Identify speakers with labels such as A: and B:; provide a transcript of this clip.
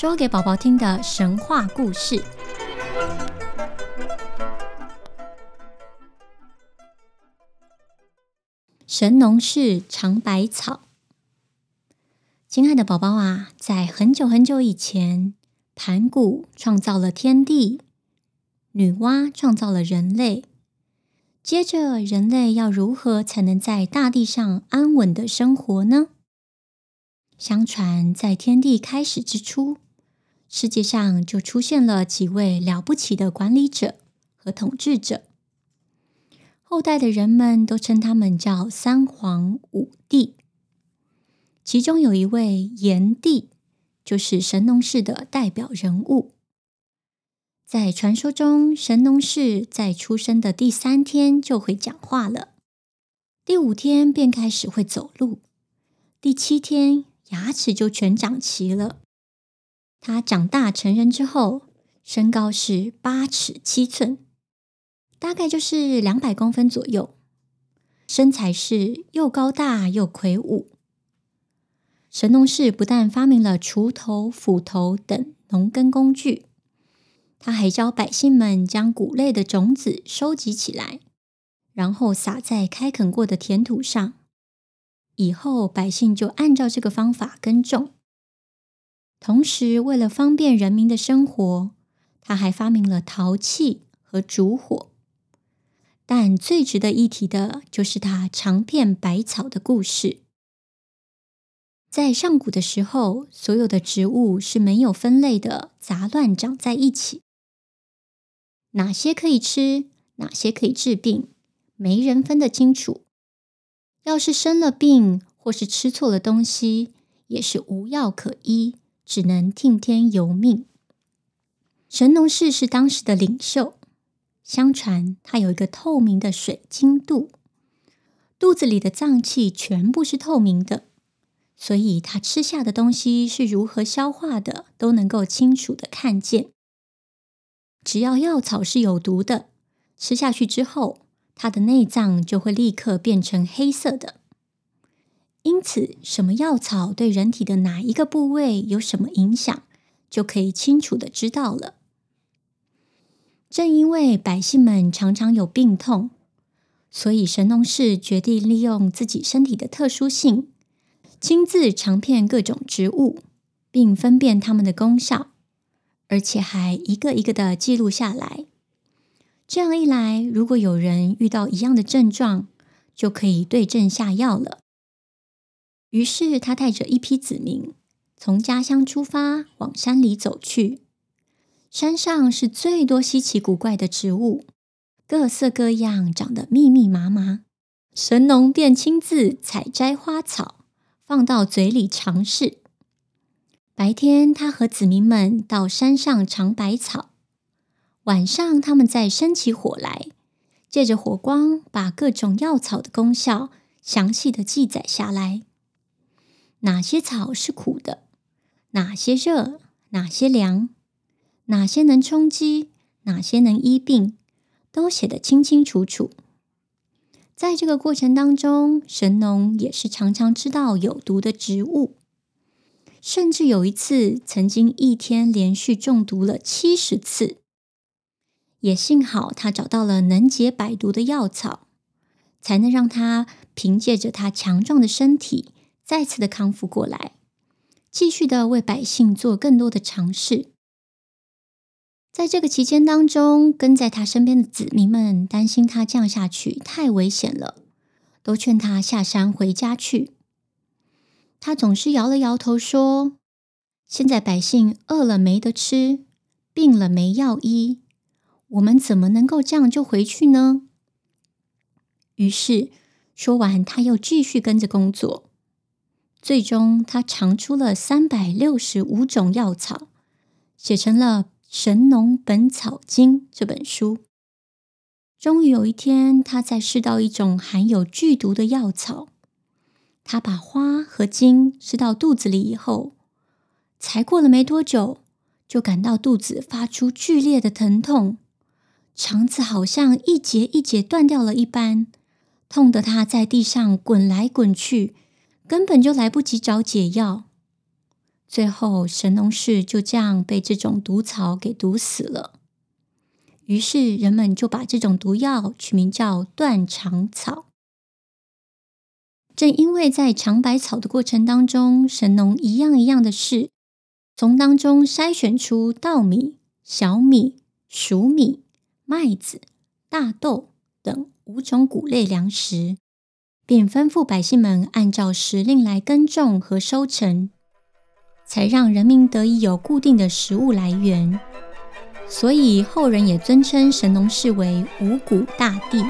A: 說給寶寶聽的神話故事：神農氏嚐百草。親愛的寶寶啊，在很久很久以前，盤古創造了天地，女媧創造了人類。接着，人類要如何才能在大地上安穩的生活呢？相傳，在天地開始之初。世界上就出現了幾位了不起的管理者和統治者，後代的人們都稱他們叫三皇五帝。其中有一位炎帝，就是神農氏的代表人物。在傳說中，神農氏在出生的第三天就會講話了，第五天便開始會走路，第七天牙齒就全長齊了。他長大成人之後，身高是八尺七寸，大概就是兩百公分左右。身材是又高大又魁梧。神農氏不但發明了鋤頭、斧頭等農耕工具，他還教百姓們將穀類的種子收集起來，然後撒在開墾過的田土上。以後百姓就按照這個方法耕種。同時，為了方便人民的生活，他還發明了陶器和燭火。但最值得一提的，就是他嘗遍百草的故事。在上古的時候，所有的植物是沒有分類的，雜亂長在一起。哪些可以吃，哪些可以治病，沒人分得清楚。要是生了病，或是吃錯了東西，也是無藥可醫。只能聽天由命。神農氏是當時的領袖，相傳他有一個透明的水晶肚，肚子裡的臟器全部是透明的，所以他吃下的東西是如何消化的都能夠清楚的看見。只要藥草是有毒的，吃下去之後，他的內臟就會立刻變成黑色的。因此，什麼藥草對人體的哪一個部位有什麼影響，就可以清楚地知道了。正因為百姓們常常有病痛，所以神農氏決定利用自己身體的特殊性，親自嘗遍各種植物，並分辨它們的功效，而且還一個一個地記錄下來。這樣一來，如果有人遇到一樣的症狀，就可以對症下藥了。於是，他帶着一批子民從家鄉出發，往山裡走去。山上是最多稀奇古怪的植物，各色各樣，長得密密麻麻。神農便親自採摘花草，放到嘴裡嘗試。白天，他和子民們到山上嘗百草；晚上，他們再生起火來，借着火光把各種藥草的功效詳細的記載下來。哪些草是苦的？哪些熱？哪些涼？哪些能充飢？哪些能醫病？都寫得清清楚楚。在這個過程當中，神農也是常常吃到有毒的植物，甚至有一次，曾經一天連續中毒了七十次。也幸好他找到了能解百毒的藥草，才能讓他憑借着他強壯的身體。再次的康復過來，繼續的為百姓做更多的嘗試。在這個期間當中，跟在他身邊的子民們擔心他這樣下去太危險了，都勸他下山回家去。他總是搖了搖頭說：“現在百姓餓了沒得吃，病了沒藥醫，我們怎麼能夠這樣就回去呢？”於是說完，他又繼續跟着工作。最終，他嚐出了三百六十五種藥草，寫成了《神農本草經》這本書。終於有一天，他在試到一種含有劇毒的藥草，他把花和莖吃到肚子裡以後，才過了沒多久，就感到肚子發出劇烈的疼痛，腸子好像一節一節斷掉了一般，痛得他在地上滾來滾去。根本就來不及找解藥，最後神農氏就這樣被這種毒草給毒死了。於是人們就把這種毒藥取名叫斷腸草。正因為在嚐百草的過程當中，神農一樣一樣的試，從當中篩選出稻米、小米、黍米、麥子、大豆等五種穀類糧食。並吩咐百姓們按照時令來耕種和收成，才讓人民得以有固定的食物來源。所以後人也尊稱神農氏為五穀大帝。